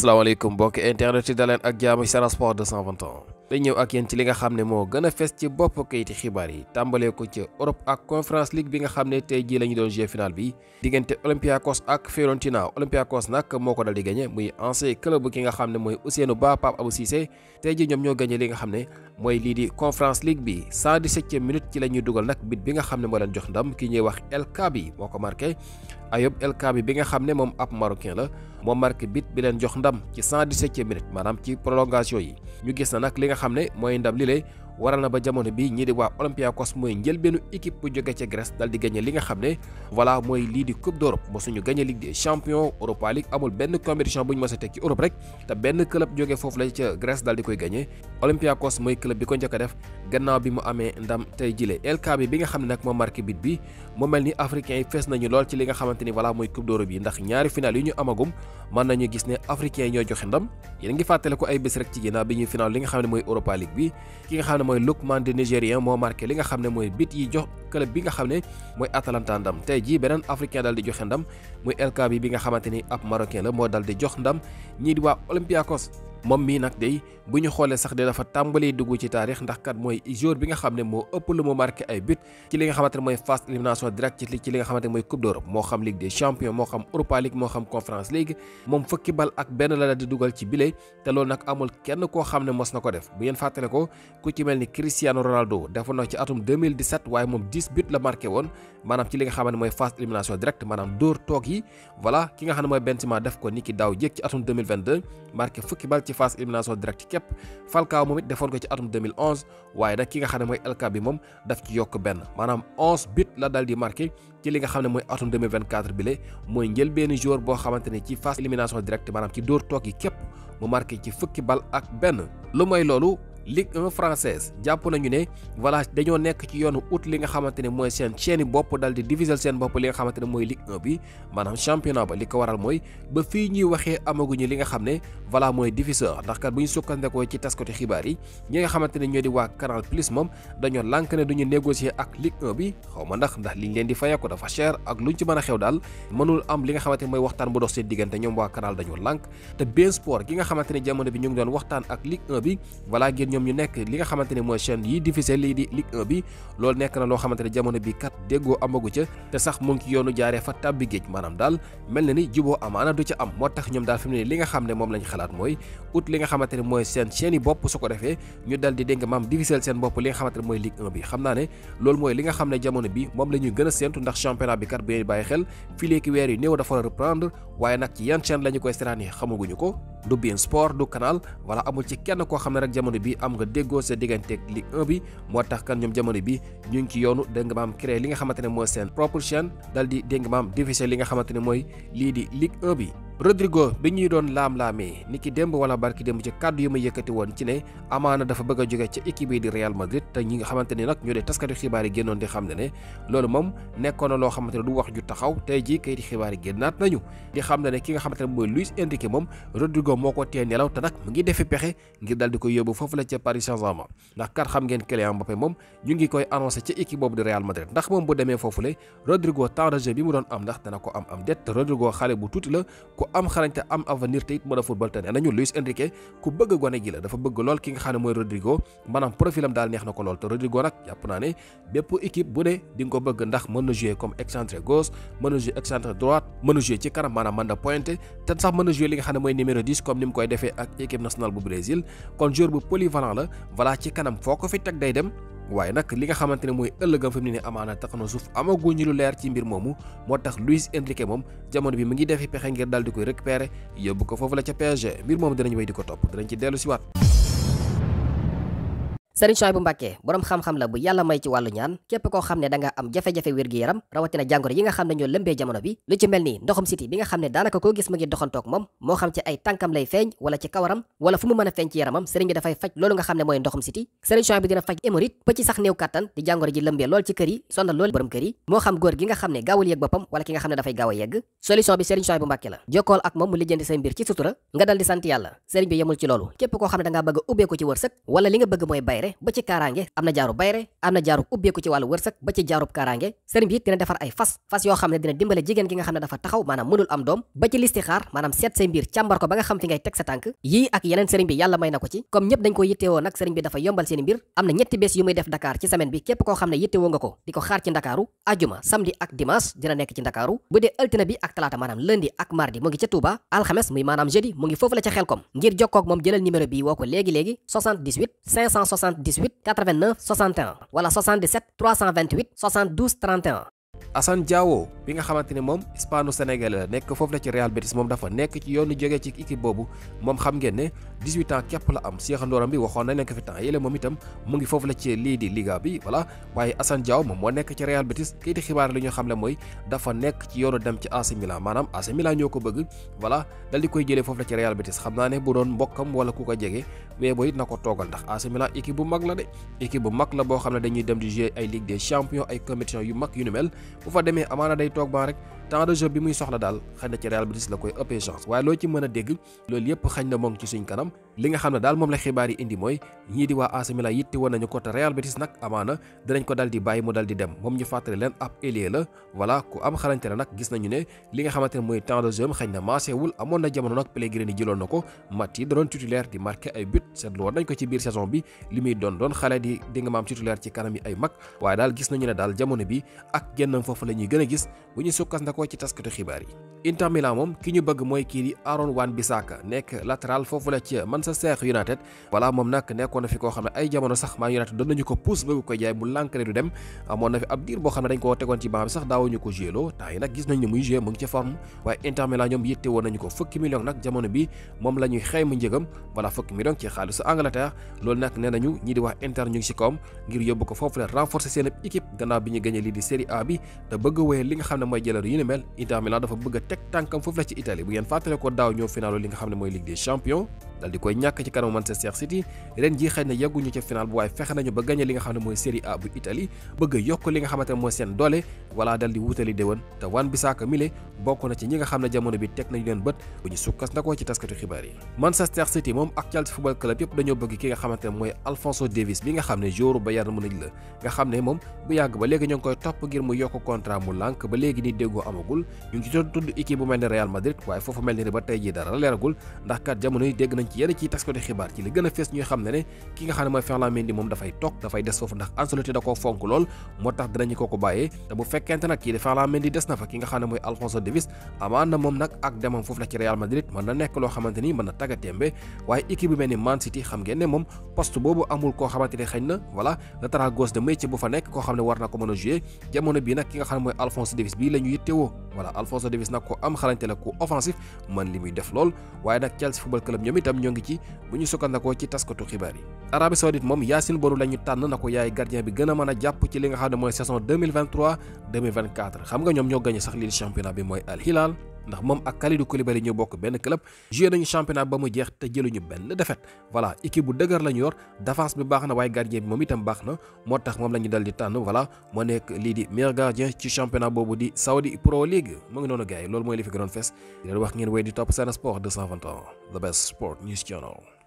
asalaamaaleykum mbokki internet yi daleen ak jaamu Sen Sport 221 te ñëw ak yent hamne li nga xamne mo gëna fess ci bop kayti xibaar yi tambalé ko ci Europe ak Conference League bi nga xamne tay ji lañu doon jouer final bi digënté Olympiakos ak Fiorentina Olympiakos nak moko ko dal di gagné muy ancien club ki nga xamne moy abu Ousseynou Ba Pape Abou Cissé tay ji ñom ñoo gagné li nga xamne moy li di Conference League bi 117e minute ci lañu duggal nak bit bi nga xamne mo moo leen jox ndam ki ñuy wax El Kabi moko marqué Ayob El Kabi bi nga xamne mom ap ab marocain la mo marqué bit bi leen jox ndam ci 117e minute manam ci prolongation yi ñu gis na li nga xam ne mooy ndam li lay waral na ba jamono bi ñi di wa Olympiakos moy ñël njëlbeenu équipe bu joggé ci Grèce dal di gagner li nga xamné voilà moy li di coupe d'europe mo suñu gagner ligue des champions Europa League amul benn compétition buñu mësa tek ci Europe rek ta benn club joggé fofu la ci Grèce dal di koy gagner Olympiakos moy club bi ko ñëk def gannaaw bi mu amé ndam tay jilé El Kaabi bi nga xamné nak mo marqué bit bi mo melni africain yi fess nañu lool ci li nga xamanteni voilà moy coupe d'europe bi ndax ñaari final yi ñu amagum man nañu gis né africain ñoo joxe ndam yeen ngi fàttale ko ay bëss rek ci ginnaaw bi ñuy final li nga xamné moy Europa League bi ki nga xamné mooy Lookman di nigérien moo marqué li nga xam ne mooy bit yi jox club bi nga xam ne mooy Atalanta ndam tey jii beneen africain dal di joxe ndam muy El Kabi bi nga xamante ni ab marocain la moo dal di jox ndam ñii di waa Olympiakos moom mii nag day bu ñu xoolee sax de dafa tàmbali dugg ci taarix ndax kat mooy jour bi nga xam ne moo ëpp lu mu marqué ay but ci li nga mooy phase élimination direct ci li nga xamante ne mooy coupe d'Europe moo xam koo xam ne mos na ko def bu ngeen fàttale ko ku ci mel ni Cristiano Ronaldo defoon na ci mooy phase élimination direct maanaam dóor toog yi voilà ki nga xam ne mooy Benzema def ko ni daaw jéeg ci atum 2022 fukki bal ci phase élimination direct képp Falcao moom it defoon ko ci atum 2011 waaye nag ki nga xam ne mooy LK bi moom daf ci yokk benn maanaam 11 but la dal di marqué ci li nga xam ne mooy atum 2024 bi la mooy njëlbéenu joueur boo xamante ne ci phase élimination direct maanaam ci dóor toog yi képp mu marqué ci fukki bal ak benn lu may loolu. ligue 1 française japp nañu né voilà dañu nekk ci yoonu out li nga xamante moy sen chaîne bop dal di diviser sen bop li nga xamante moy ligue 1 bi manam championnat ba li ko waral moy ba ñi waxé amagu amaguñu li nga xamné voilà moy diffuseur ndax kat buñu sokkandé ko ci taskoti xibaar yi ñi nga xamante ne ñoo di wa canal plus mom dañu lank né duñu négocier ak ligue 1 bi xawma ndax ndax liñ leen di fayee ko dafa cher ak luñ ci mëna xew dal mënul am li nga xamante moy mooy waxtaan bu dox ci digënté ñom wa canal dañu lank té bien sport gi nga xamante jamono bi ñu ngi doon waxtaan ak ligue 1 bi voilà ngeen ñoom ñu nekk li nga xamantene moy chaîne yi diffusé li di Ligue 1 bi lool nekk na lo xamantene jamono bi kat deggo amagu ci te sax mo ngi yoonu jaaré fa tabbi geej manam dal melni ni juboo amana du ci am motax tax ñoom daal fi li nga xamne mom moom lañ xalaat moy out li nga xamantene moy mooy chaîne yi bopp su ko defé ñu dal di deng maam diffusé sen bop li nga xamantene moy mooy Ligue 1 bi xamna naa ne loolu mooy li nga xamne jamono bi mom la gëna sentu ndax championnat bi kat bu ñu baye xel wër yi néw da fa reprendre waye nak ci yeen chaîne lañu koy seetaan xamaguñu ko du beIN sport du canal wala amul ci kenn koo xam ne rek jamono bi am nga déggoo sa digganteeg Ligue 1 bi moo tax kan ñoom jamono bi ñu ngi ci yoonu dégg nga maam créé li nga xamante ne mooy seen propre chaîne dal di dégg maam diffuser li nga xamante ne mooy lii di Ligue 1 bi Rodrigo bi ñuy doon laam-laamee ni ki démb wala barki démb ci kàddu yu ma yëkkati woon ci ne amaana dafa bëgg a jóge ca équipe bi di Real Madrid te ñi nga xamante ni nag ñoo dee taskati xibaar yi génnoon di na loo xamante ne du wax ju taxaw tey jii kayiti xibaar yi génnaat nañu di xam ne ne ki nga xamante ne mooy Luis Enrique moom Rodrigo moo ko tee nelaw te nag mu ngi defi pexe ngir dal di ko yóbbu foofu la ca Paris saint ndax kat xam ngeen Kylian Mbappé moom ñu ngi koy annoncé ci équipe boobu di Real am xarañ te am avenir te it mën a football te nañu Luis Enrique ku bëgg gone gi la dafa bëgg lool ki nga xam ne mooy Rodrigo maanaam profilam daal neex na ko lool te Rodrigo nag jàpp naa ne bépp équipe bu ne di nga ko bëgg ndax mën na jouer comme excentré gauche mën na jouer excentré droite mën na jouer ci kanam maanaam mën na pointé te sax mën na jouer li nga xam ne mooy numéro 10 comme ni mu koy defee ak équipe nationale bu Brésil kon joueur bu polyvalent ko fi teg day dem waaye nag li nga xamante ne mooy a fa mu ni nii amaana tax na suuf amaguñu lu leer ci mbir moomu moo tax Luis Enrique moom jamono bi mu ngi def pexe ngir daal di koy récupérer yóbbu ko foofu la ca PSG mbir moomu dinañ wéy di ko topp dinañ ci dellu si Serigne bu Mbacké borom xam-xam la bu yalla may ci walu ñaan képp ko xam da danga am jafé jafé wér wér-gu-yaram na jàngoro yi nga xam ñoo lembé jamono bi lu ci melni ndoxum city bi nga xam ne daanaka gis ma ngi doxantoog mom mo xam ci ay tankam lay feñ wala ci kawaram wala fu mu mën feñ ci yaramam serigne bi fay fajj lolu nga xam moy ndoxum city Serigne bi dina fajj hémorroïde ba ci sax new katan di jàngoro ji lembé lol ci kër yi sonal lol borom kër yi mo xam góor gi nga xam ne yegg bopam wala ki nga xam da fay gawa yegg solution bi Serigne bu Mbacké la jokol ak mom mu lijeenti say mbir ci sutura nga dal di sante yalla serigne bi yamul ci lolu képp ko xam da nga bëgg ko ci wërsëg wala li nga bëgg moy bayre kawe ba ci kaaraange am na jaarub bayre am na jaarub ubbeeku ci wàllu wërsëg ba ci jaarub kaaraange sëriñ bi dina defar ay fas fas yoo xam ne dina dimbale jigéen gi nga xam ne dafa taxaw maanaam mënul am doom ba ci listixaar maanaam seet say mbir càmbar ko ba nga xam fi ngay teg sa tànk yii ak yeneen sëriñ bi yàlla may na ko ci comme ñëpp dañ ko yittewoo nag sëriñ bi dafa yombal seeni mbir am na ñetti bés yu muy def Dakar ci semaine bi képp koo xam ne 78 89 61 wala 77 328 72 31. Asan Diao bi nga xamanteni mom hispano sénégalais la nek fofu la ci Real Betis mom dafa Nek ci yoonu jóge ci équipe bobu mom xam ngeen ne 18 ans képp la am Cheikh Ndoram bi waxon na nek fi temps yele mom itam mu ngi fofu la ci lii di liga bi voilà waye Asan Diao mom mo nek ci Real Betis di xibaar li ñu xam la moy dafa nek ci yoonu dem ci AC Milan manam AC Milan ñoko bëgg voilà dal di koy jëlé fofu la ci Real Betis xam na ne bu doon mbokam wala ku ko mais booy it na ko toogal ndax AC Milan équipe bu mag la de équipe bu mag la boo xam ne dañuy dem di jouer ay Ligue des champions ay compétitions yu mag yu ni mel bu fa demee amaana day toog ban rek temps de jeu bi muy soxla daal xëy na ci Real Betis la koy ëppee chance waaye loo ci mën a dégg loolu yëpp xañ na moo ci suñ kanam li nga xam ne daal moom la xibaar yi indi mooy ñii di waa AC Milan yitte woon nañu ko te Real Betis nag amaana dinañ ko dal di bàyyi mu dal di dem moom ñu fàttali leen ab ailier la voilà ku am xarañte la gis nañu ne li nga xamante ne temps de jeu am na maasewul amoon na jamono nag Pellegrini jëloon na ko da doon titulaire di marqué la a ko ci taskatu xibaar yi Inter Milan mom ki ñu bëgg moy ki di Aaron Wan-Bissaka nek lateral fofu la ci Manchester United wala mom nak nekkoon na fi ko xamne ay jamono sax Man United doon nañu ko pousse bëgg ko jaay mu lànk du dem amoon na fi ab dir bo xamne dañ ko tegoon ci baam sax daawu ñu ko jéloo tay nak gis nañ ne muy joué mu ngi ci forme way Inter Milan ñom yitté won nañu ko fukki million nak jamono bi mom lañuy ñuy xayma njëgam voilà fukki million ci xaalisu Angleterre lool nak nee nañu ñi di wax Inter ñu ngi ci kom ngir yobbu ko fofu la renforcer seen équipe gannaaw bi ñu gagné li di serie A bi da bëgg wéyal li nga xamne moy jëlaru yene mel Inter Milan dafa bëgg a teg tànkam foofu la ci Italie bu ngeen fàttale ko daaw ñoo finaalu li nga xam ne mooy Ligue des dal di koy ñak ci kanam Manchester City ren jii xëy na yegguñu final bu way fexe nañu ba gagné li nga xam moy Serie A bu Italy bëgg yok li nga xamante moy seen wala dal di wutali won te Wan-Bissaka milé bokku na ci ñi nga xam jamono bi tek nañu leen bëtt bu ñu sukkas nako ci taskatu xibaar yi Manchester City mom ak Chelsea football club yëpp dañu bëgg ki nga xamante moy Alphonso Davies bi nga xam joru joueur Bayern mënuñ la nga xam mom bu yàgg ba légui ñong koy top ngir mu yok contrat mu lank ba légui ni déggo amagul ñu ci tuddu équipe bu melni Real Madrid waaye fofu melni ba tay ji dara leragul ndax kat jamono yi dégg nañ ci yene ci de xibar ci li gëna fess ñuy xam ne ne ki nga moy ne mooy mom da moom tok da fay dess fofu ndax Ancelotti da koo fonk lool motax dinañ ko ko bàyyee da bu fekente nak ki di Ferland Mendy dess na fa ki nga xamne moy Alphonso Davies amaan na moom ak demam fofu la ci Real Madrid man na nek lo xamanteni man na tagga témbe équipe bu melni Man City xam ngeen ne moom poste bobu amul ko xamanteni ne wala na voilà latéral gauche de métier bu fa nek ko xamne war na ko mëna jouer jamono bi nak ki nga xamne moy Alphonso Davies bii Alphonso Davies nak ko am xalanté la ko offensif man limuy def lool waye nak Chelsea Football Club ñom itam ñoom ñoo ngi ci bu ñu sukkandakoo ci taskatu xibaar yi Arabie Saoudite moom Yacine Bourou la ñu tànn na ko yaay gardien bi gën a mën jàpp ci li nga xam ne mooy saison 2023 2024 xam nga ñoom ñoo gagné sax lii championnat bi mooy Al ndax moom ak Kalidou Koulibaly ñu bokk benn club joué nañu championnat ba mu jeex te jëluñu benn defet voilà équipe bu dëgër la yor défense bi baax na waaye gardien bi moom itam baax na moo tax moom la ñu dal di tànn voilà moo nekk lii di meilleur gardien ci championnat boobu di Saudi Pro League mu ngi noonu gars yi loolu mooy li fi gënoon fees di leen wax ngeen wéy di topp Sen Sport the best sport news channel